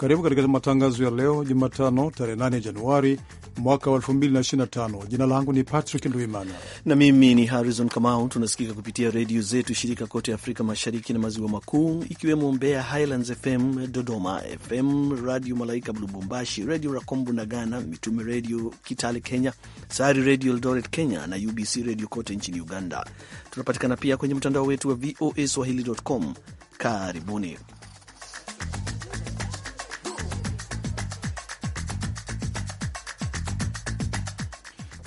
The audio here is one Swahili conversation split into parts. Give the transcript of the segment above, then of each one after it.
Karibu katika matangazo ya leo Jumatano, tarehe 8 Januari mwaka wa 2025. Jina langu ni Patrick Ndwimana na mimi ni Harrison Kamau. Tunasikika kupitia redio zetu shirika kote Afrika Mashariki na Maziwa Makuu, ikiwemo Mbeya Highlands FM, Dodoma FM, Radio Malaika Lubumbashi, Redio Rakombu na Ghana, Mitume Redio Kitale Kenya, Sayari Redio Eldoret Kenya na UBC Redio kote nchini Uganda. Tunapatikana pia kwenye mtandao wetu wa VOA swahili.com. Karibuni.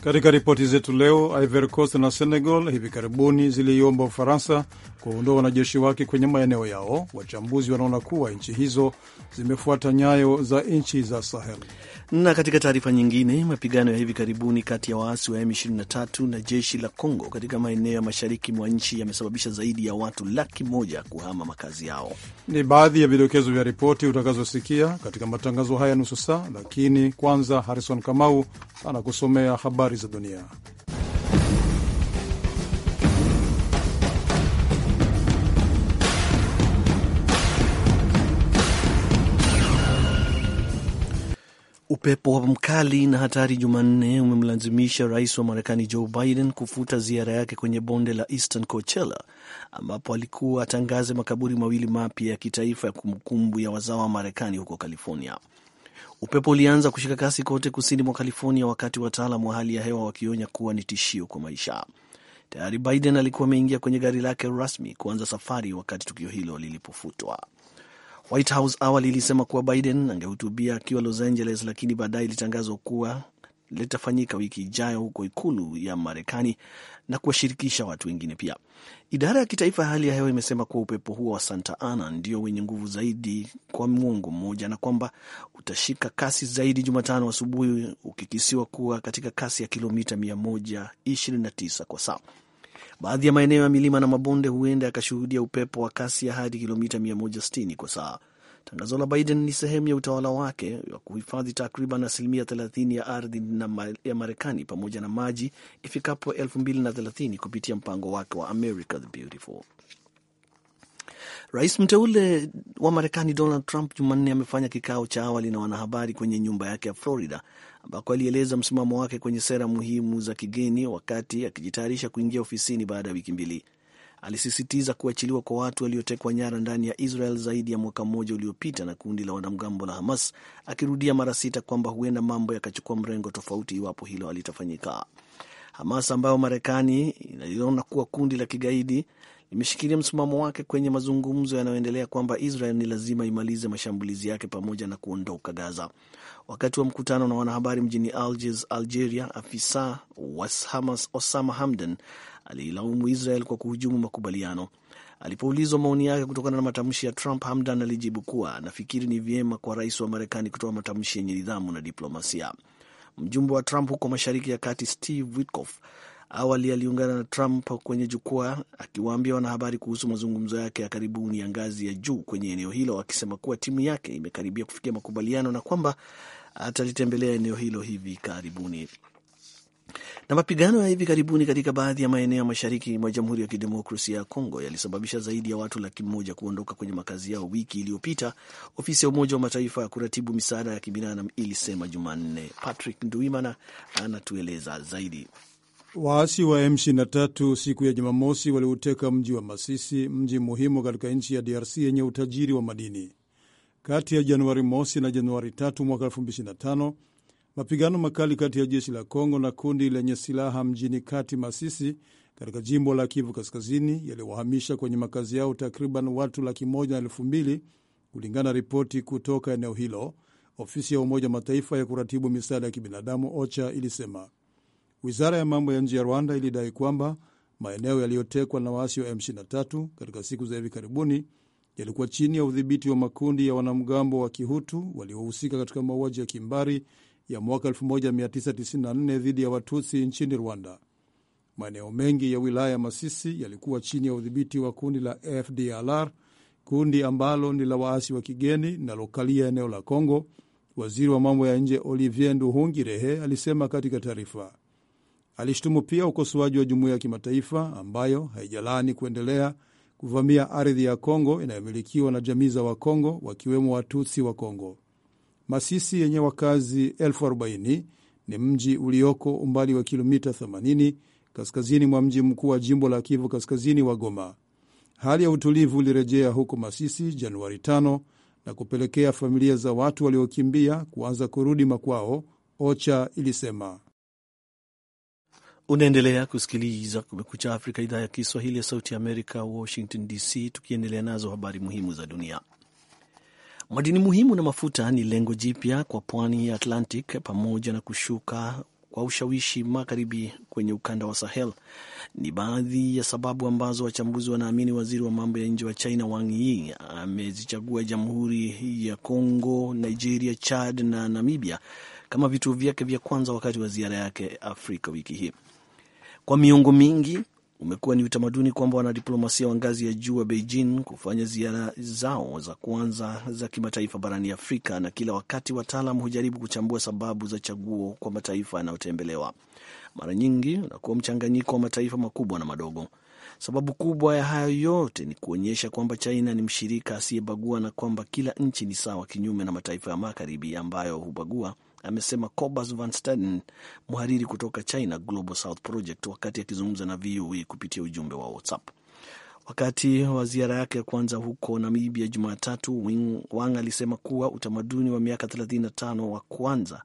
Katika ripoti zetu leo, Ivory Coast na Senegal hivi karibuni ziliiomba Ufaransa kuwaondoa wanajeshi wake kwenye maeneo yao. Wachambuzi wanaona kuwa nchi hizo zimefuata nyayo za nchi za Sahel. Na katika taarifa nyingine, mapigano ya hivi karibuni kati ya waasi wa M23 na jeshi la Congo katika maeneo ya mashariki mwa nchi yamesababisha zaidi ya watu laki moja kuhama makazi yao. Ni baadhi ya vidokezo vya ripoti utakazosikia katika matangazo haya nusu saa, lakini kwanza Harrison Kamau anakusomea habari habari za dunia. Upepo mkali na hatari Jumanne umemlazimisha rais wa Marekani Joe Biden kufuta ziara yake kwenye bonde la Eastern Coachella ambapo alikuwa atangaze makaburi mawili mapya ya kitaifa ya kumbukumbu ya wazawa wa Marekani huko California. Upepo ulianza kushika kasi kote kusini mwa California, wakati wataalam wa hali ya hewa wakionya kuwa ni tishio kwa maisha. Tayari Biden alikuwa ameingia kwenye gari lake rasmi kuanza safari wakati tukio hilo lilipofutwa. White House awali ilisema kuwa Biden angehutubia akiwa Los Angeles, lakini baadaye ilitangazwa kuwa litafanyika wiki ijayo huko ikulu ya Marekani na kuwashirikisha watu wengine pia. Idara ya kitaifa ya hali ya hewa imesema kuwa upepo huo wa Santa Ana ndio wenye nguvu zaidi kwa mwongo mmoja na kwamba utashika kasi zaidi Jumatano asubuhi, ukikisiwa kuwa katika kasi ya kilomita 129 kwa saa. Baadhi ya maeneo ya milima na mabonde huenda yakashuhudia upepo wa kasi ya hadi kilomita 160 kwa saa. Tangazo la Biden ni sehemu ya utawala wake wa kuhifadhi takriban asilimia 30 ya ardhi ya Marekani pamoja na maji ifikapo 2030 kupitia mpango wake wa America the Beautiful. Rais mteule wa Marekani Donald Trump Jumanne amefanya kikao cha awali na wanahabari kwenye nyumba yake ya Florida ambako alieleza msimamo wake kwenye sera muhimu za kigeni wakati akijitayarisha kuingia ofisini baada ya wiki mbili alisisitiza kuachiliwa kwa watu waliotekwa nyara ndani ya Israel zaidi ya mwaka mmoja uliopita na kundi la wanamgambo la Hamas, akirudia mara sita kwamba huenda mambo yakachukua mrengo tofauti iwapo hilo halitafanyika. Hamas ambayo Marekani inaliona kuwa kundi la kigaidi imeshikilia msimamo wake kwenye mazungumzo yanayoendelea kwamba Israel ni lazima imalize mashambulizi yake pamoja na kuondoka Gaza. Wakati wa mkutano na wanahabari mjini Algiers, Algeria, afisa wa Hamas Osama Hamdan aliilaumu Israel kwa kuhujumu makubaliano. Alipoulizwa maoni yake kutokana na matamshi ya Trump, Hamdan alijibu kuwa nafikiri ni vyema kwa rais wa Marekani kutoa matamshi yenye nidhamu na diplomasia. Mjumbe wa Trump huko Mashariki ya Kati Steve Witkoff awali aliungana na Trump kwenye jukwaa akiwaambia wanahabari kuhusu mazungumzo yake ya karibuni ya ngazi ya juu kwenye eneo hilo, akisema kuwa timu yake imekaribia kufikia makubaliano na kwamba atalitembelea eneo hilo hivi karibuni. Na mapigano ya hivi karibuni katika baadhi ya maeneo ya mashariki mwa Jamhuri ya Kidemokrasia ya Kongo yalisababisha zaidi ya watu laki moja kuondoka kwenye makazi yao wiki iliyopita, ofisi ya Umoja wa Mataifa ya kuratibu misaada ya kibinadamu ilisema Jumanne. Patrick Nduimana anatueleza zaidi. Waasi wa M23 siku ya Jumamosi waliuteka mji wa Masisi, mji muhimu katika nchi ya DRC yenye utajiri wa madini. Kati ya Januari mosi na Januari tatu mwaka tano Mapigano makali kati ya jeshi la Kongo na kundi lenye silaha mjini kati Masisi katika jimbo la Kivu Kaskazini yaliwahamisha kwenye makazi yao takriban watu laki moja na elfu mbili kulingana na ripoti kutoka eneo hilo, ofisi ya Umoja Mataifa ya kuratibu misaada ya kibinadamu OCHA ilisema. Wizara ya mambo ya nje ya Rwanda ilidai kwamba maeneo yaliyotekwa na waasi wa M23 katika siku za hivi karibuni yalikuwa chini ya udhibiti wa makundi ya wanamgambo wa Kihutu waliohusika katika mauaji ya kimbari ya mwaka 1994 dhidi ya Watutsi nchini Rwanda. Maeneo mengi ya wilaya ya Masisi yalikuwa chini ya udhibiti wa kundi la FDLR, kundi ambalo ni la waasi wa kigeni linalokalia eneo la congo Waziri wa mambo ya nje Olivier Nduhungirehe alisema katika taarifa. Alishtumu pia ukosoaji wa jumuiya ya kimataifa ambayo haijalaani kuendelea kuvamia ardhi ya congo inayomilikiwa na jamii za Wakongo wakiwemo Watutsi wa Kongo. Masisi yenye wakazi elfu arobaini ni mji ulioko umbali wa kilomita 80 kaskazini mwa mji mkuu wa jimbo la Kivu Kaskazini wa Goma. Hali ya utulivu ilirejea huko Masisi Januari 5 na kupelekea familia za watu waliokimbia kuanza kurudi makwao, OCHA ilisema. Unaendelea kusikiliza Kumekucha Afrika, idhaa ya Kiswahili ya Sauti ya Amerika, Washington DC, tukiendelea nazo habari muhimu za dunia. Madini muhimu na mafuta ni lengo jipya kwa pwani ya Atlantic pamoja na kushuka kwa ushawishi magharibi kwenye ukanda wa Sahel ni baadhi ya sababu ambazo wachambuzi wanaamini waziri wa mambo ya nje wa China Wang Yi amezichagua Jamhuri ya Kongo, Nigeria, Chad na Namibia kama vituo vyake vya kwanza wakati wa ziara yake Afrika wiki hii. Kwa miongo mingi Umekuwa ni utamaduni kwamba wanadiplomasia wa ngazi ya juu wa Beijing kufanya ziara zao za kwanza za kimataifa barani Afrika, na kila wakati wataalam hujaribu kuchambua sababu za chaguo kwa mataifa yanayotembelewa. Mara nyingi unakuwa mchanganyiko wa mataifa makubwa na madogo. Sababu kubwa ya hayo yote ni kuonyesha kwamba China ni mshirika asiyebagua na kwamba kila nchi ni sawa, kinyume na mataifa ya magharibi ambayo hubagua amesema Cobus Van Staden, mhariri kutoka China Global South Project, wakati akizungumza na VOA kupitia ujumbe wa WhatsApp. Wakati wa ziara yake ya kwanza huko Namibia Jumatatu, Wang alisema kuwa utamaduni wa miaka 35 wa kwanza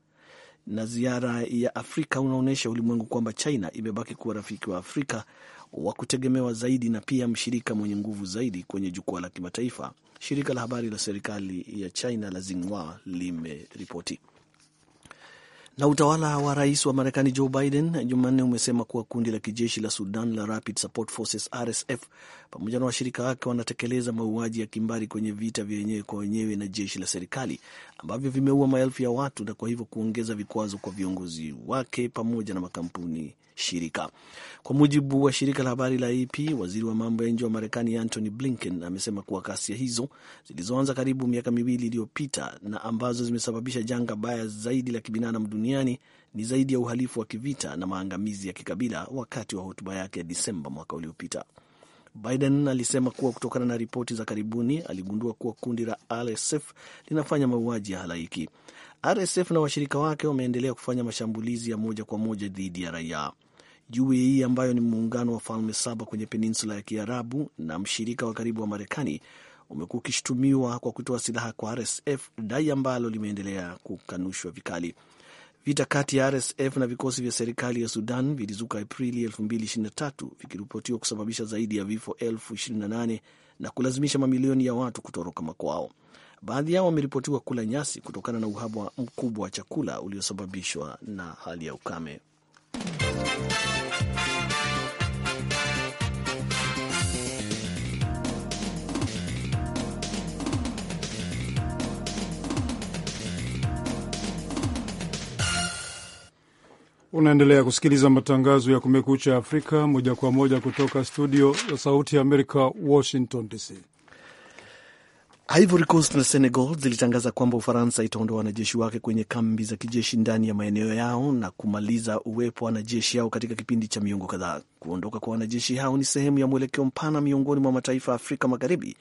na ziara ya Afrika unaonyesha ulimwengu kwamba China imebaki kuwa rafiki wa Afrika wa kutegemewa zaidi na pia mshirika mwenye nguvu zaidi kwenye jukwaa la kimataifa, shirika la habari la serikali ya China la Xinhua limeripoti. Na utawala wa rais wa Marekani Joe Biden Jumanne umesema kuwa kundi la kijeshi la Sudan la Rapid Support Forces RSF pamoja na washirika wake wanatekeleza mauaji ya kimbari kwenye vita vya wenyewe kwa wenyewe na jeshi la serikali ambavyo vimeua maelfu ya watu na kwa hivyo kuongeza vikwazo kwa viongozi wake pamoja na makampuni shirika. Kwa mujibu wa shirika la habari la AP, waziri wa mambo ya nje wa Marekani Antony Blinken amesema kuwa ghasia hizo zilizoanza karibu miaka miwili iliyopita na ambazo zimesababisha janga baya zaidi la kibinadamu duniani ni zaidi ya uhalifu wa kivita na maangamizi ya kikabila wakati wa hotuba yake ya Disemba mwaka uliopita. Biden alisema kuwa kutokana na ripoti za karibuni aligundua kuwa kundi la RSF linafanya mauaji ya halaiki. RSF na washirika wake wameendelea kufanya mashambulizi ya moja kwa moja dhidi ya raia. UAE ambayo ni muungano wa falme saba kwenye peninsula ya Kiarabu na mshirika wa karibu wa Marekani umekuwa ukishutumiwa kwa kutoa silaha kwa RSF, dai ambalo limeendelea kukanushwa vikali. Vita kati ya RSF na vikosi vya serikali ya Sudan vilizuka Aprili 2023 vikiripotiwa kusababisha zaidi ya vifo 28 na kulazimisha mamilioni ya watu kutoroka makwao. Baadhi yao wameripotiwa kula nyasi kutokana na uhaba mkubwa wa chakula uliosababishwa na hali ya ukame. Unaendelea kusikiliza matangazo ya Kumekucha Afrika moja kwa moja kutoka studio za Sauti ya Amerika, Washington DC. Ivory Coast na Senegal zilitangaza kwamba Ufaransa itaondoa wanajeshi wake kwenye kambi za kijeshi ndani ya maeneo yao na kumaliza uwepo wa wanajeshi hao katika kipindi cha miongo kadhaa. Kuondoka kwa wanajeshi hao ni sehemu ya mwelekeo mpana miongoni mwa mataifa ya Afrika Magharibi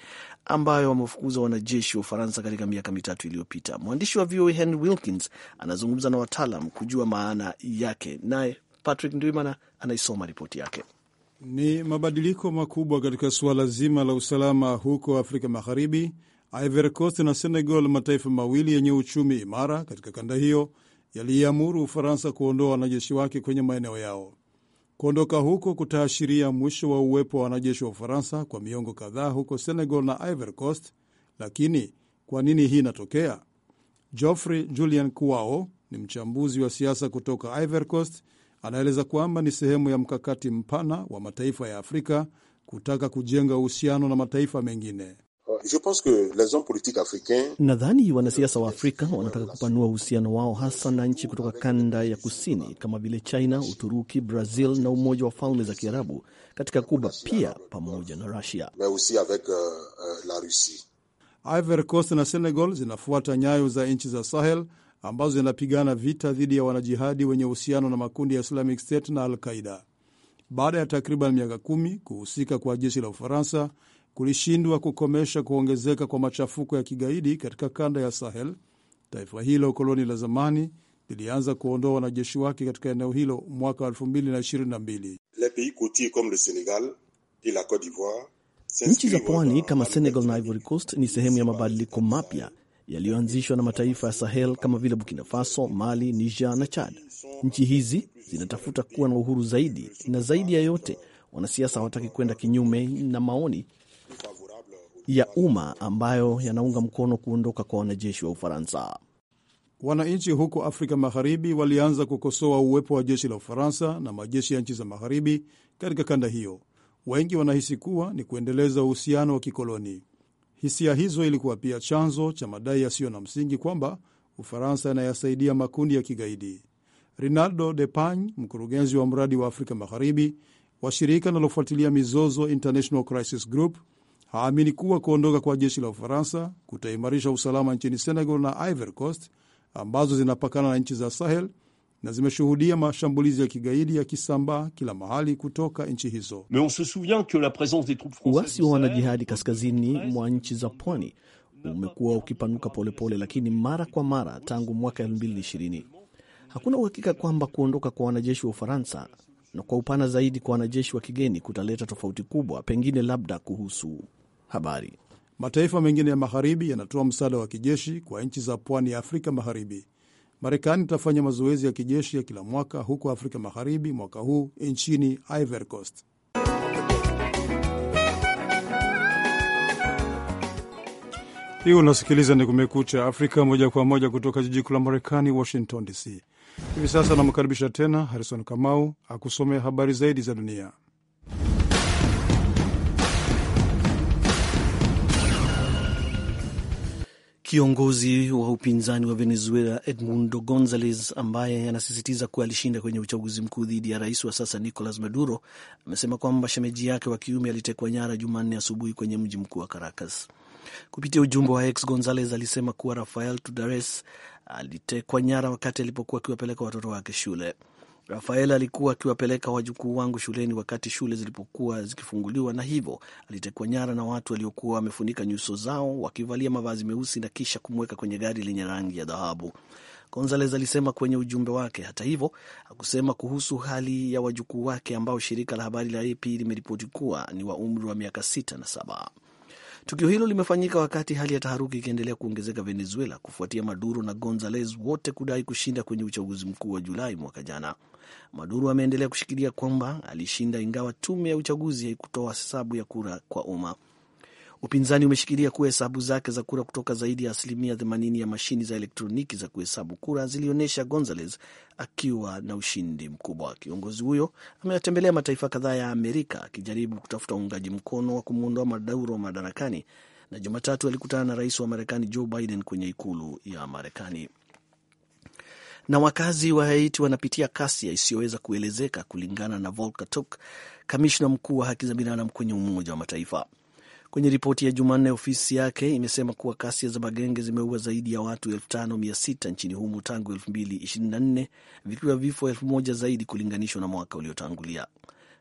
ambayo wamefukuza wanajeshi wa Ufaransa katika miaka mitatu iliyopita. Mwandishi wa VOA Henry Wilkins anazungumza na wataalam kujua maana yake, naye Patrick Ndwimana anaisoma ripoti yake. Ni mabadiliko makubwa katika suala zima la usalama huko Afrika Magharibi Ivory Coast na Senegal, mataifa mawili yenye uchumi imara katika kanda hiyo, yaliiamuru Ufaransa kuondoa wanajeshi wake kwenye maeneo yao. Kuondoka huko kutaashiria mwisho wa uwepo wa wanajeshi wa Ufaransa kwa miongo kadhaa huko Senegal na Ivory Coast. Lakini kwa nini hii inatokea? Geoffrey Julian Kuao ni mchambuzi wa siasa kutoka Ivory Coast, anaeleza kwamba ni sehemu ya mkakati mpana wa mataifa ya Afrika kutaka kujenga uhusiano na mataifa mengine. Euh, Nadhani wanasiasa wa Afrika wanataka kupanua uhusiano wao hasa na nchi kutoka kanda ya kusini kama vile China, Uturuki, Brazil na Umoja wa Falme za Kiarabu katika Kuba pia pamoja na Rusia. Euh, euh, Ivory Coast na Senegal zinafuata nyayo za nchi za Sahel ambazo zinapigana vita dhidi ya wanajihadi wenye uhusiano na makundi ya Islamic State na Al Qaida. Baada ya takriban miaka kumi kuhusika kwa jeshi la Ufaransa kulishindwa kukomesha kuongezeka kwa machafuko ya kigaidi katika kanda ya Sahel. Taifa hilo koloni la zamani lilianza kuondoa wanajeshi wake katika eneo hilo mwaka 2022. Nchi za pwani kama Senegal na Ivory Coast ni sehemu ya mabadiliko mapya yaliyoanzishwa na mataifa ya Sahel kama vile Burkina Faso, Mali, Niger na Chad. Nchi hizi zinatafuta kuwa na uhuru zaidi, na zaidi ya yote, wanasiasa hawataki kwenda kinyume na maoni ya umma ambayo yanaunga mkono kuondoka kwa wanajeshi wa Ufaransa. Wananchi huko Afrika Magharibi walianza kukosoa uwepo wa jeshi la Ufaransa na majeshi ya nchi za magharibi katika kanda hiyo. Wengi wanahisi kuwa ni kuendeleza uhusiano wa kikoloni. Hisia hizo ilikuwa pia chanzo cha madai yasiyo na msingi kwamba Ufaransa inayasaidia makundi ya kigaidi. Rinaldo de pagne mkurugenzi wa mradi wa Afrika Magharibi wa shirika linalofuatilia mizozo International Crisis Group, haamini kuwa kuondoka kwa jeshi la Ufaransa kutaimarisha usalama nchini Senegal na Ivory Coast ambazo zinapakana na nchi za Sahel na zimeshuhudia mashambulizi ya kigaidi yakisambaa kila mahali kutoka nchi hizo. Uasi wa wanajihadi kaskazini mwa nchi za pwani umekuwa ukipanuka polepole pole, lakini mara kwa mara tangu mwaka 2020. Hakuna uhakika kwamba kuondoka kwa wanajeshi wa Ufaransa na kwa upana zaidi kwa wanajeshi wa kigeni kutaleta tofauti kubwa, pengine labda kuhusu habari. Mataifa mengine ya magharibi yanatoa msaada wa kijeshi kwa nchi za pwani ya Afrika Magharibi. Marekani itafanya mazoezi ya kijeshi ya kila mwaka huko Afrika Magharibi mwaka huu nchini Ivory Coast. Hii unasikiliza ni Kumekucha Afrika, moja kwa moja kutoka jiji kuu la Marekani, Washington DC. Hivi sasa anamkaribisha tena Harrison Kamau akusomea habari zaidi za dunia. Kiongozi wa upinzani wa Venezuela Edmundo Gonzalez, ambaye anasisitiza kuwa alishinda kwenye uchaguzi mkuu dhidi ya rais wa sasa Nicolas Maduro, amesema kwamba shemeji yake wa kiume alitekwa nyara Jumanne asubuhi kwenye mji mkuu wa Caracas. Kupitia ujumbe wa X, Gonzalez alisema kuwa Rafael Tudares alitekwa nyara wakati alipokuwa akiwapeleka watoto wake shule. Rafael alikuwa akiwapeleka wajukuu wangu shuleni wakati shule zilipokuwa zikifunguliwa, na hivyo alitekwa nyara na watu waliokuwa wamefunika nyuso zao wakivalia mavazi meusi na kisha kumweka kwenye gari lenye rangi ya dhahabu, Gonzales alisema kwenye ujumbe wake. Hata hivyo hakusema kuhusu hali ya wajukuu wake ambao shirika la habari la AP limeripoti kuwa ni wa umri wa miaka sita na saba. Tukio hilo limefanyika wakati hali ya taharuki ikiendelea kuongezeka Venezuela kufuatia Maduro na Gonzales wote kudai kushinda kwenye uchaguzi mkuu wa Julai mwaka jana. Maduro ameendelea kushikilia kwamba alishinda ingawa tume ya uchaguzi haikutoa hesabu ya kura kwa umma. Upinzani umeshikilia kuwa hesabu zake za kura kutoka zaidi ya asilimia 80 ya mashini za elektroniki za kuhesabu kura zilionyesha Gonzales akiwa na ushindi mkubwa. Kiongozi huyo ameyatembelea mataifa kadhaa ya Amerika akijaribu kutafuta uungaji mkono wa kumwondoa Maduro madarakani, na Jumatatu alikutana na rais wa Marekani Joe Biden kwenye ikulu ya Marekani. Na wakazi wa Haiti wanapitia kasi isiyoweza kuelezeka kulingana na Volker Turk, kamishna mkuu wa haki za binadamu kwenye Umoja wa Mataifa. Kwenye ripoti ya Jumanne, ofisi yake imesema kuwa kasia za magenge zimeua zaidi ya watu 5600 nchini humo tangu 2024 vikiwa vifo 1000 zaidi kulinganishwa na mwaka uliotangulia.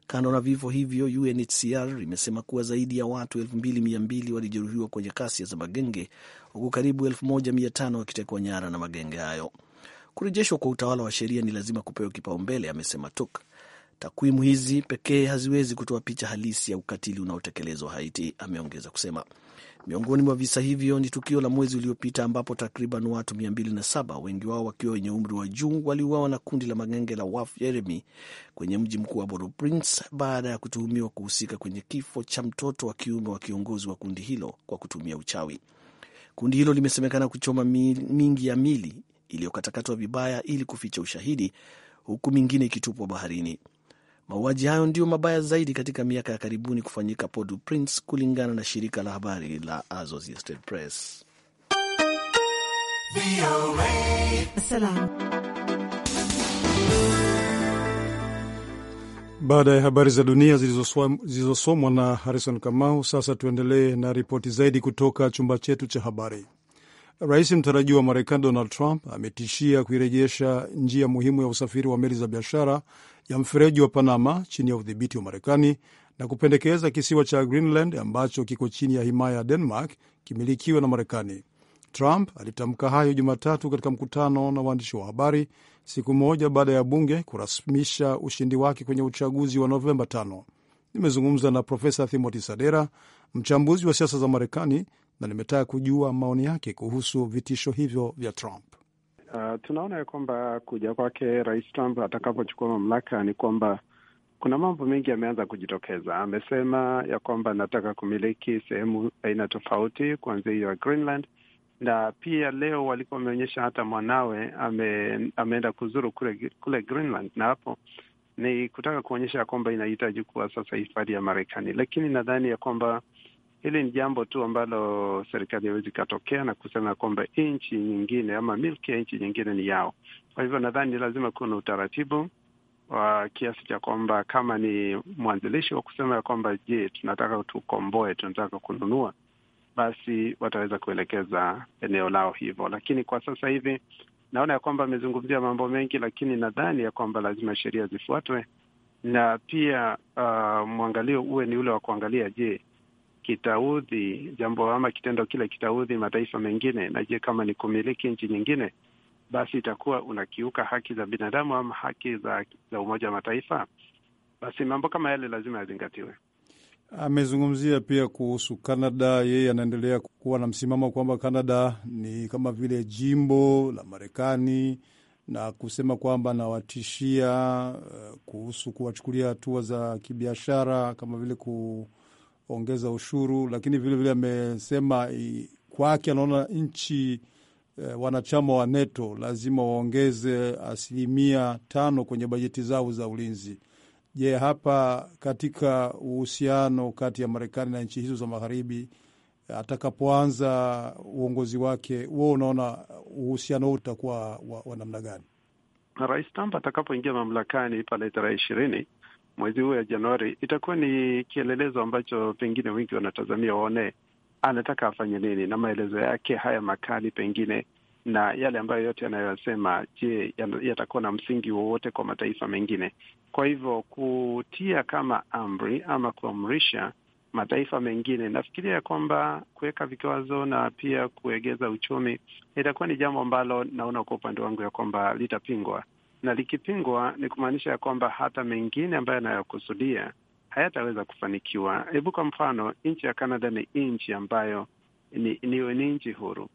Kando na vifo hivyo, UNHCR imesema kuwa zaidi ya watu 2200 walijeruhiwa kwenye kasia za magenge, huku karibu 1500 wakitekwa nyara na magenge hayo. Kurejeshwa kwa utawala wa sheria ni lazima kupewa kipaumbele, amesema Tuk Takwimu hizi pekee haziwezi kutoa picha halisi ya ukatili unaotekelezwa Haiti, ameongeza kusema. Miongoni mwa visa hivyo ni tukio la mwezi uliopita ambapo takriban watu 207 wengi wao wakiwa wenye umri wa juu waliuawa na kundi la magenge la Waf Jeremy kwenye mji mkuu wa Boro Prince baada ya kutuhumiwa kuhusika kwenye kifo cha mtoto wa kiume wa kiongozi wa kundi hilo kwa kutumia uchawi. Kundi hilo limesemekana kuchoma mingi ya mili iliyokatakatwa vibaya ili kuficha ushahidi, huku mingine ikitupwa baharini. Mauaji hayo ndiyo mabaya zaidi katika miaka ya karibuni kufanyika Port-au-Prince, kulingana na shirika la habari la Associated Press. Baada ya habari za dunia zilizosomwa na Harrison Kamau, sasa tuendelee na ripoti zaidi kutoka chumba chetu cha habari. Rais mtarajiwa wa Marekani Donald Trump ametishia kuirejesha njia muhimu ya usafiri wa meli za biashara ya mfereji wa Panama chini ya udhibiti wa Marekani na kupendekeza kisiwa cha Greenland ambacho kiko chini ya himaya ya Denmark kimilikiwe na Marekani. Trump alitamka hayo Jumatatu katika mkutano na waandishi wa habari siku moja baada ya bunge kurasmisha ushindi wake kwenye uchaguzi wa Novemba 5. Nimezungumza na Profesa Timothy Sadera, mchambuzi wa siasa za Marekani, na nimetaka kujua maoni yake kuhusu vitisho hivyo vya Trump. Uh, tunaona ya kwamba kuja kwake Rais Trump atakapochukua mamlaka ni kwamba kuna mambo mengi yameanza kujitokeza. Amesema ya kwamba anataka kumiliki sehemu aina tofauti kuanzia hiyo ya Greenland, na pia leo walikuwa wameonyesha hata mwanawe ame, ameenda kuzuru kule, kule Greenland, na hapo ni kutaka kuonyesha ya kwamba inahitaji kuwa sasa hifadhi ya Marekani, lakini nadhani ya kwamba Hili ni jambo tu ambalo serikali haiwezi ikatokea na kusema kwamba nchi nyingine ama milki ya nchi nyingine ni yao. Kwa hivyo nadhani ni lazima kuwa na utaratibu wa kiasi cha kwamba kama ni mwanzilishi wa kusema ya kwamba je, tunataka tukomboe, tunataka kununua, basi wataweza kuelekeza eneo lao hivyo. Lakini kwa sasa hivi naona ya kwamba amezungumzia mambo mengi, lakini nadhani ya kwamba lazima sheria zifuatwe na pia uh, mwangalio uwe ni ule wa kuangalia je kitaudhi jambo ama kitendo kile kitaudhi mataifa mengine, na je, kama ni kumiliki nchi nyingine, basi itakuwa unakiuka haki za binadamu ama haki za, za Umoja wa Mataifa. Basi mambo kama yale lazima yazingatiwe. Amezungumzia pia kuhusu Kanada. Yeye anaendelea kuwa na msimamo kwamba Kanada ni kama vile jimbo la Marekani na kusema kwamba anawatishia eh, kuhusu kuwachukulia hatua za kibiashara kama vile ku uh, ongeza ushuru, lakini vilevile amesema vile kwake anaona nchi e, wanachama wa NATO lazima waongeze asilimia tano kwenye bajeti zao za ulinzi. Je, hapa katika uhusiano kati ya Marekani na nchi hizo za magharibi atakapoanza uongozi wake, huo unaona uhusiano huu utakuwa wa namna gani? Rais Trump atakapoingia mamlakani pale tarehe ishirini mwezi huu ya Januari itakuwa ni kielelezo ambacho pengine wengi wanatazamia waone anataka afanye nini na maelezo yake haya makali pengine na yale ambayo yote yanayosema je, yatakuwa na msingi wowote kwa mataifa mengine? Kwa hivyo kutia kama amri ama kuamrisha mataifa mengine, nafikiria kwamba kuweka vikwazo na pia kuegeza uchumi itakuwa ni jambo ambalo naona kwa upande wangu ya kwamba litapingwa na likipingwa ni kumaanisha ya kwamba hata mengine ambayo yanayokusudia hayataweza kufanikiwa. Hebu kwa mfano, nchi ya Canada ni nchi ambayo ni, ni, ni nchi huru,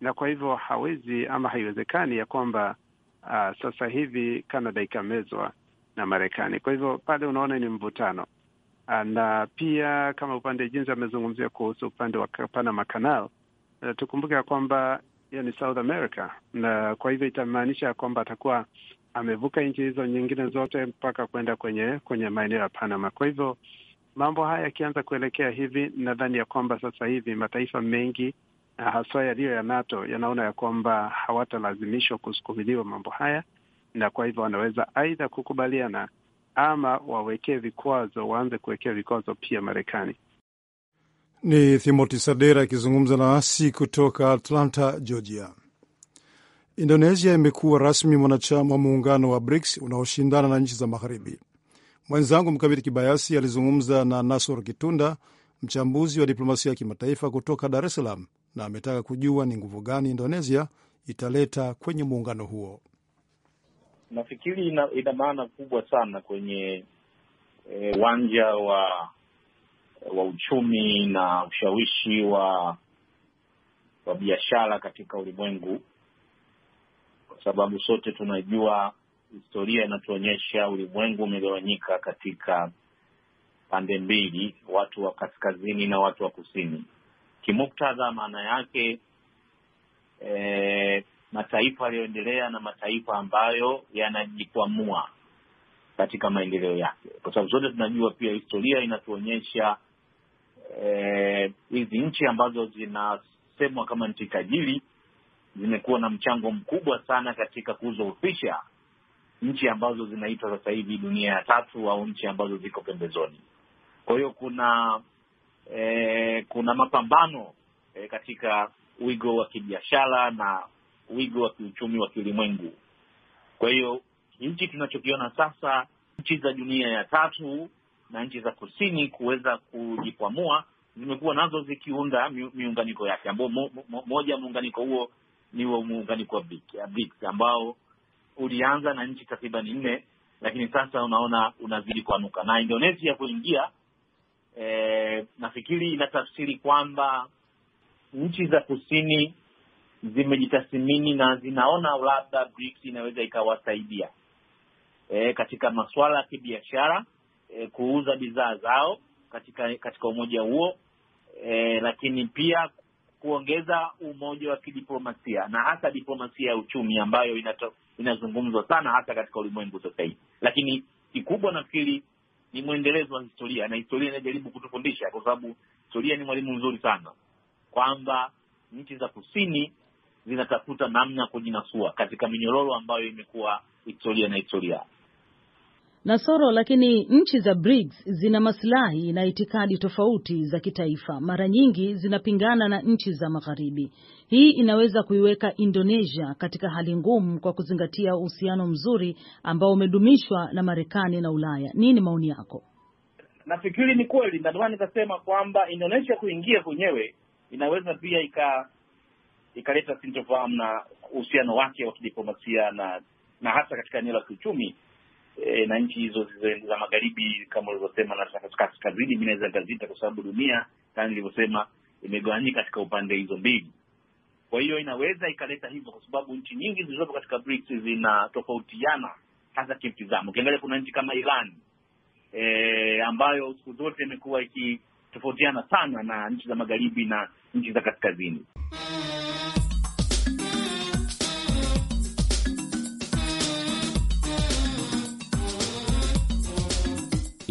na kwa hivyo hawezi ama haiwezekani ya kwamba uh, sasa hivi Canada ikamezwa na Marekani. Kwa hivyo pale unaona ni mvutano uh, na pia kama upande jinsi amezungumzia kuhusu upande wa Panama Canal uh, tukumbuke ya kwamba hiyo ni South America, na kwa hivyo itamaanisha ya kwamba atakuwa amevuka nchi hizo nyingine zote mpaka kwenda kwenye kwenye maeneo ya Panama. Kwa hivyo mambo haya yakianza kuelekea hivi, nadhani ya kwamba sasa hivi mataifa mengi haswa yaliyo ya NATO yanaona ya kwamba hawatalazimishwa kusukumiliwa mambo haya, na kwa hivyo wanaweza aidha kukubaliana ama wawekee vikwazo, waanze kuwekea vikwazo pia Marekani. Ni Timothy Sadera akizungumza na asi kutoka Atlanta, Georgia. Indonesia imekuwa rasmi mwanachama wa muungano wa BRICS unaoshindana na nchi za magharibi. Mwenzangu mkamiti Kibayasi alizungumza na Nasor Kitunda, mchambuzi wa diplomasia ya kimataifa kutoka Dar es Salaam, na ametaka kujua ni nguvu gani Indonesia italeta kwenye muungano huo. Nafikiri ina, ina maana kubwa sana kwenye eh, uwanja e, wa wa uchumi na ushawishi wa wa biashara katika ulimwengu sababu sote tunajua historia inatuonyesha ulimwengu umegawanyika katika pande mbili, watu wa kaskazini na watu wa kusini. Kimuktadha, maana yake e, mataifa yaliyoendelea na mataifa ambayo yanajikwamua katika maendeleo yake, kwa sababu sote tunajua pia historia inatuonyesha e, hizi e, nchi ambazo zinasemwa kama nchi tajiri zimekuwa na mchango mkubwa sana katika kuzoofisha nchi ambazo zinaitwa sasa hivi dunia ya tatu au nchi ambazo ziko pembezoni. Kwa hiyo kuna eh, kuna mapambano eh, katika wigo wa kibiashara na wigo wa kiuchumi wa kiulimwengu. Kwa hiyo nchi tunachokiona sasa, nchi za dunia ya tatu na nchi za kusini kuweza kujikwamua, zimekuwa nazo zikiunda miunganiko yake, ambao moja ya muunganiko huo ni wa muunganiko wa BRICS ambao ulianza na nchi takriban nne, lakini sasa unaona unazidi kuanuka na Indonesia kuingia. E, nafikiri inatafsiri kwamba nchi za kusini zimejitathmini na zinaona labda BRICS inaweza ikawasaidia e, katika masuala ya kibiashara e, kuuza bidhaa zao katika katika umoja huo e, lakini pia kuongeza umoja wa kidiplomasia na hasa diplomasia ya uchumi ambayo inazungumzwa sana hasa katika ulimwengu sasa hivi, lakini kikubwa nafikiri ni mwendelezo wa historia, na historia inajaribu kutufundisha, kwa sababu historia ni mwalimu mzuri sana, kwamba nchi za kusini zinatafuta namna ya kujinasua katika minyororo ambayo imekuwa historia na historia na soro lakini nchi za BRICS zina masilahi na itikadi tofauti za kitaifa, mara nyingi zinapingana na nchi za magharibi. Hii inaweza kuiweka Indonesia katika hali ngumu kwa kuzingatia uhusiano mzuri ambao umedumishwa na Marekani na Ulaya. Nini maoni yako? Nafikiri ni kweli, na ndio nikasema kwamba Indonesia kuingia kwenyewe inaweza pia ika ikaleta sintofahamu na uhusiano wake wa kidiplomasia na na hasa katika eneo la kiuchumi e, na nchi hizo za magharibi kama ulivyosema na kaskazini, mi naweza nikazita kwa sababu dunia kama nilivyosema imegawanyika katika upande hizo mbili. Kwa hiyo inaweza ikaleta hivyo, kwa sababu nchi nyingi zilizopo katika BRICS zinatofautiana hasa kimtizamo. Ukiangalia kuna nchi kama Iran e, ambayo siku zote imekuwa ikitofautiana sana na nchi za magharibi na nchi za kaskazini.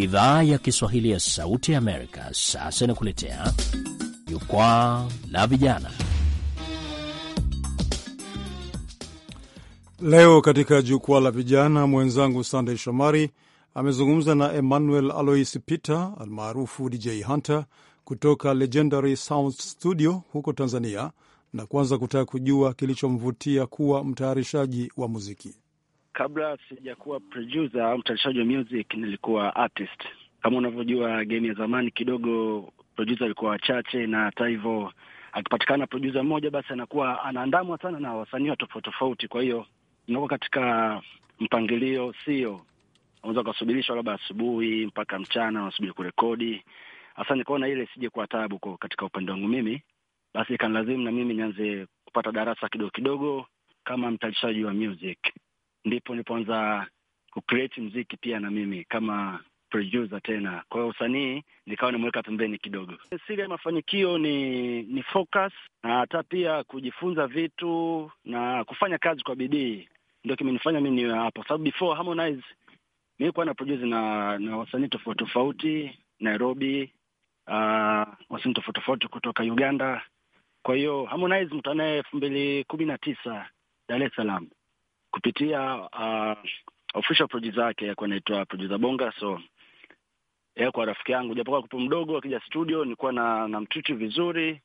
Idhaa ya Kiswahili ya Sauti ya Amerika sasa inakuletea Jukwaa la Vijana. Leo katika Jukwaa la Vijana, mwenzangu Sandey Shomari amezungumza na Emmanuel Alois Peter almaarufu DJ Hunter kutoka Legendary Sound Studio huko Tanzania, na kwanza kutaka kujua kilichomvutia kuwa mtayarishaji wa muziki kabla sijakuwa producer au mtayarishaji wa music nilikuwa artist. Kama unavyojua game ya zamani kidogo, producer alikuwa wachache, na hata hivyo akipatikana producer mmoja, basi anakuwa anaandamwa sana na wasanii wa tofauti tofauti. Kwa hiyo inakuwa katika mpangilio, sio unaweza ukasubirishwa labda asubuhi mpaka mchana unasubiri kurekodi. Hasa nikaona ile sije kuwa tabu kwa katika upande wangu mimi, basi ikanilazimu na mimi nianze kupata darasa kidogo kidogo kama mtayarishaji wa music ndipo nilipoanza kucreate mziki pia na mimi kama producer tena. Kwa hiyo usanii nikawa nimeweka pembeni kidogo. Siri ya mafanikio ni ni focus na hata pia kujifunza vitu na kufanya kazi kwa bidii, ndio kimenifanya mi niwe hapa, sababu before Harmonize mi kuwa na produce na na wasanii tofauti tofauti Nairobi, uh, wasanii tofauti tofauti kutoka Uganda. Kwa hiyo Harmonize anaye elfu mbili kumi na tisa Dar es Salaam kupitia uh, official project zake yako anaitwa producer Bonga, so yeye kwa rafiki yangu, japokuwa kupo mdogo, akija studio nilikuwa na na mtutu vizuri.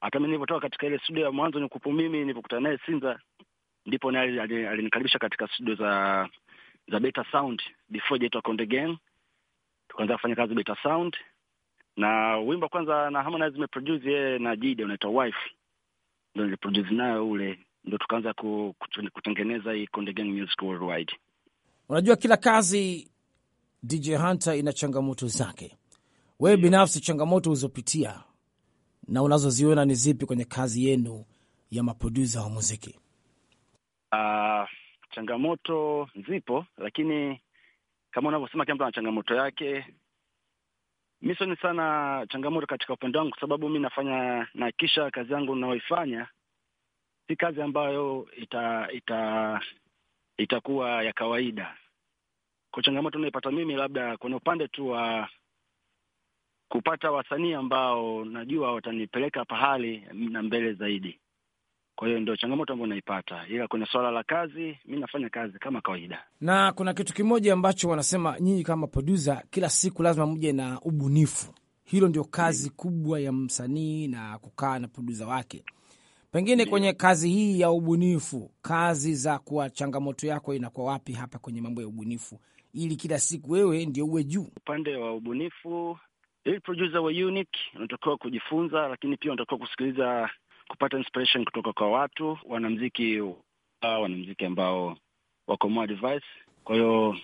Hata mimi nilipotoka katika ile studio ya mwanzo ni kupo mimi nilipokutana naye Sinza, ndipo naye alinikaribisha katika studio za za Beta Sound before jaitwa Konde Gang, tukaanza kufanya kazi Beta Sound na wimbo kwanza na Harmonize imeproduce yeye na Jide unaitwa Wife, ndio niliproduce nayo ule ndo tukaanza kutengeneza hii Konde Gang Music Worldwide. Unajua, kila kazi DJ Hunter ina changamoto zake. Wewe binafsi changamoto ulizopitia na unazoziona ni zipi kwenye kazi yenu ya maprodusa wa muziki? Uh, changamoto zipo, lakini kama unavyosema kila mtu ana changamoto yake. Mi sioni sana changamoto katika upande wangu, kwa sababu mi nafanya nahakikisha kazi yangu ninayoifanya si kazi ambayo ita, ita itakuwa ya kawaida. Kwa changamoto unaipata mimi, labda kwenye upande tu wa kupata wasanii ambao najua watanipeleka pahali na mbele zaidi. Kwa hiyo ndio changamoto ambayo naipata, ila kwenye swala la kazi mi nafanya kazi kama kawaida. Na kuna kitu kimoja ambacho wanasema nyinyi kama produsa, kila siku lazima mje na ubunifu. Hilo ndio kazi hmm, kubwa ya msanii na kukaa na produsa wake Pengine kwenye kazi hii ya ubunifu, kazi za kuwa, changamoto yako inakuwa wapi hapa kwenye mambo ya ubunifu, ili kila siku wewe ndio uwe juu? Upande wa ubunifu, ili producer wa unique unatakiwa kujifunza, lakini pia unatakiwa kusikiliza, kupata inspiration kutoka kwa watu wanamziki, uh, wanamziki ambao wako more Kwa hiyo uh,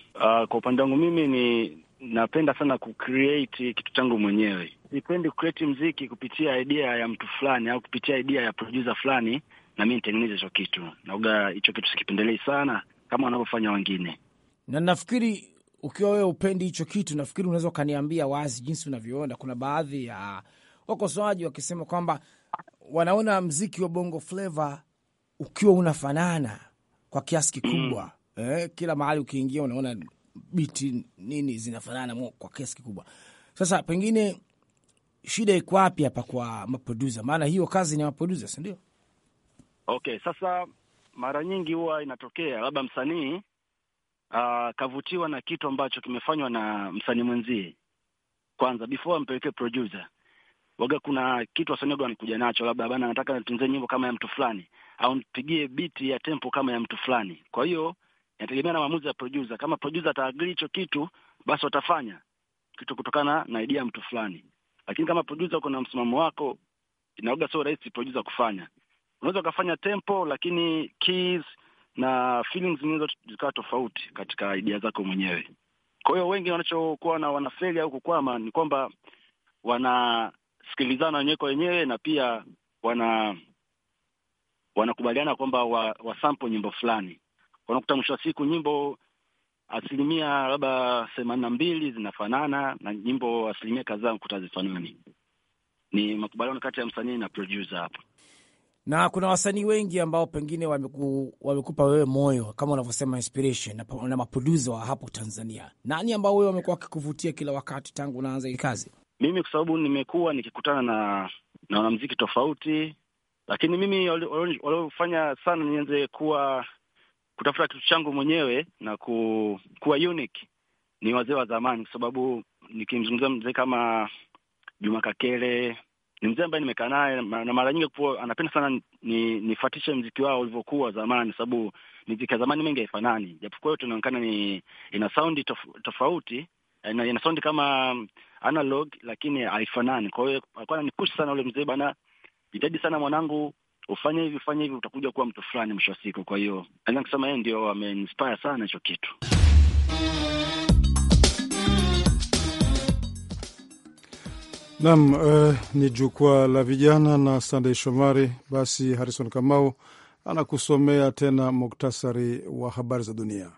kwa upande wangu mimi ni napenda sana kucreate kitu changu mwenyewe sipendi kukreti mziki kupitia idea ya mtu fulani au kupitia idea ya producer fulani na mi nitengeneze hicho kitu, nauga hicho kitu sikipendelei sana kama wanavyofanya wengine, na nafikiri ukiwa wewe upendi hicho kitu, nafikiri unaweza ukaniambia wazi jinsi unavyoona. Kuna baadhi ya wakosoaji wakisema kwamba wanaona mziki wa Bongo Flava ukiwa unafanana kwa kiasi kikubwa mm. eh, kila mahali ukiingia unaona biti nini zinafanana kwa kiasi kikubwa. Sasa pengine shida iko wapi hapa kwa maprodusa? Maana hiyo kazi ni ya si ndio? Okay, sasa mara nyingi huwa inatokea labda msanii Uh, kavutiwa na kitu ambacho kimefanywa na msanii mwenzie. Kwanza before ampeleke producer, waga kuna kitu wasanii waga wanakuja nacho, labda bana, nataka nitunze nyimbo kama ya mtu fulani, au nipigie biti ya tempo kama ya mtu fulani. Kwa hiyo inategemea na maamuzi ya producer. Kama producer ataagree hicho kitu, basi watafanya kitu kutokana na idea ya mtu fulani lakini kama produsa uko na msimamo wako, inaoga sio rahisi produsa kufanya. Unaweza ukafanya tempo, lakini keys na feelings zinaweza zikawa tofauti katika idea zako mwenyewe. Kwa hiyo wengi wanachokuwa na wanafeli au kukwama ni kwamba wanasikilizana wenyewe kwa wenyewe na pia wana wanakubaliana kwamba wasampo wa nyimbo fulani. Wanakuta mwisho wa siku nyimbo asilimia labda themanini na mbili zinafanana na nyimbo, asilimia kadhaa kuta zifanani. Ni makubaliano kati ya msanii na producer hapo. Na kuna wasanii wengi ambao pengine wameku, wamekupa wewe moyo kama unavyosema inspiration na, na maproducer wa hapo Tanzania, nani ambao wewe wamekuwa wakikuvutia kila wakati tangu unaanza hii kazi? Mimi kwa sababu nimekuwa nikikutana na na wanamziki tofauti, lakini mimi waliofanya sana nianze kuwa kutafuta kitu changu mwenyewe na ku, kuwa unique ni wazee wa zamani, kwa sababu nikimzungumzia mzee kama Juma Kakele ni mzee ambaye nimekaa naye na mara nyingi anapenda sana ni mziki wao ulivyokuwa zamani, sababu miziki ya zamani mengi haifanani, japokuwa yote inaonekana ni ina saundi tof, tofauti ina, ina saundi kama analog, lakini haifanani. Kwa hiyo alikuwa ananikushi sana ule mzee bana, jitahidi sana mwanangu, ufanye hivi ufanye hivi, utakuja kuwa mtu fulani mwisho wa siku. Kwa hiyo naweza kusema yeye ndio ameinspire sana hicho kitu. Naam, eh, ni jukwaa la vijana na Sandey Shomari. Basi Harrison Kamau anakusomea tena muktasari wa habari za dunia.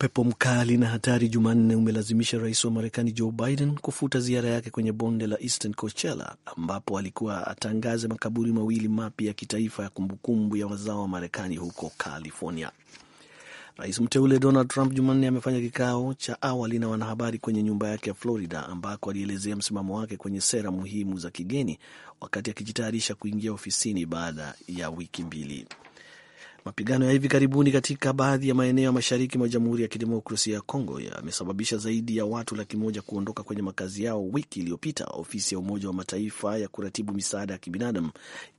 upepo mkali na hatari Jumanne umelazimisha rais wa Marekani Joe Biden kufuta ziara yake kwenye bonde la Eastern Coachella ambapo alikuwa atangaze makaburi mawili mapya ya kitaifa ya kumbukumbu ya wazao wa Marekani huko California. Rais mteule Donald Trump Jumanne amefanya kikao cha awali na wanahabari kwenye nyumba yake ya Florida ambako alielezea msimamo wake kwenye sera muhimu za kigeni wakati akijitayarisha kuingia ofisini baada ya wiki mbili. Mapigano ya hivi karibuni katika baadhi ya maeneo ya mashariki mwa Jamhuri ya Kidemokrasia ya Kongo yamesababisha zaidi ya watu laki moja kuondoka kwenye makazi yao wiki iliyopita, ofisi ya Umoja wa Mataifa ya kuratibu misaada ya kibinadamu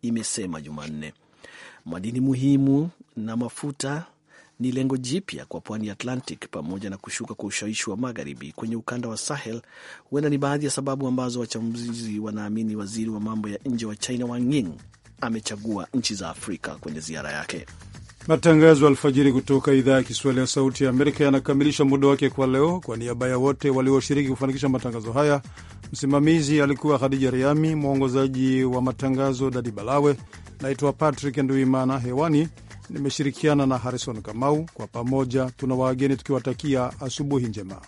imesema Jumanne. Madini muhimu na mafuta ni lengo jipya kwa pwani ya Atlantic pamoja na kushuka kwa ushawishi wa magharibi kwenye ukanda wa Sahel huenda ni baadhi ya sababu ambazo wachambuzi wanaamini waziri wa mambo ya nje wa China Wang Yi amechagua nchi za Afrika kwenye ziara yake. Matangazo alfajiri kutoka idhaa ya Kiswahili ya Sauti ya Amerika yanakamilisha muda wake kwa leo. Kwa niaba ya wote walioshiriki kufanikisha matangazo haya, msimamizi alikuwa Khadija Riami, mwongozaji wa matangazo Dadi Balawe. Naitwa Patrick Nduimana, hewani nimeshirikiana na Harrison Kamau. Kwa pamoja tuna wageni tukiwatakia asubuhi njema.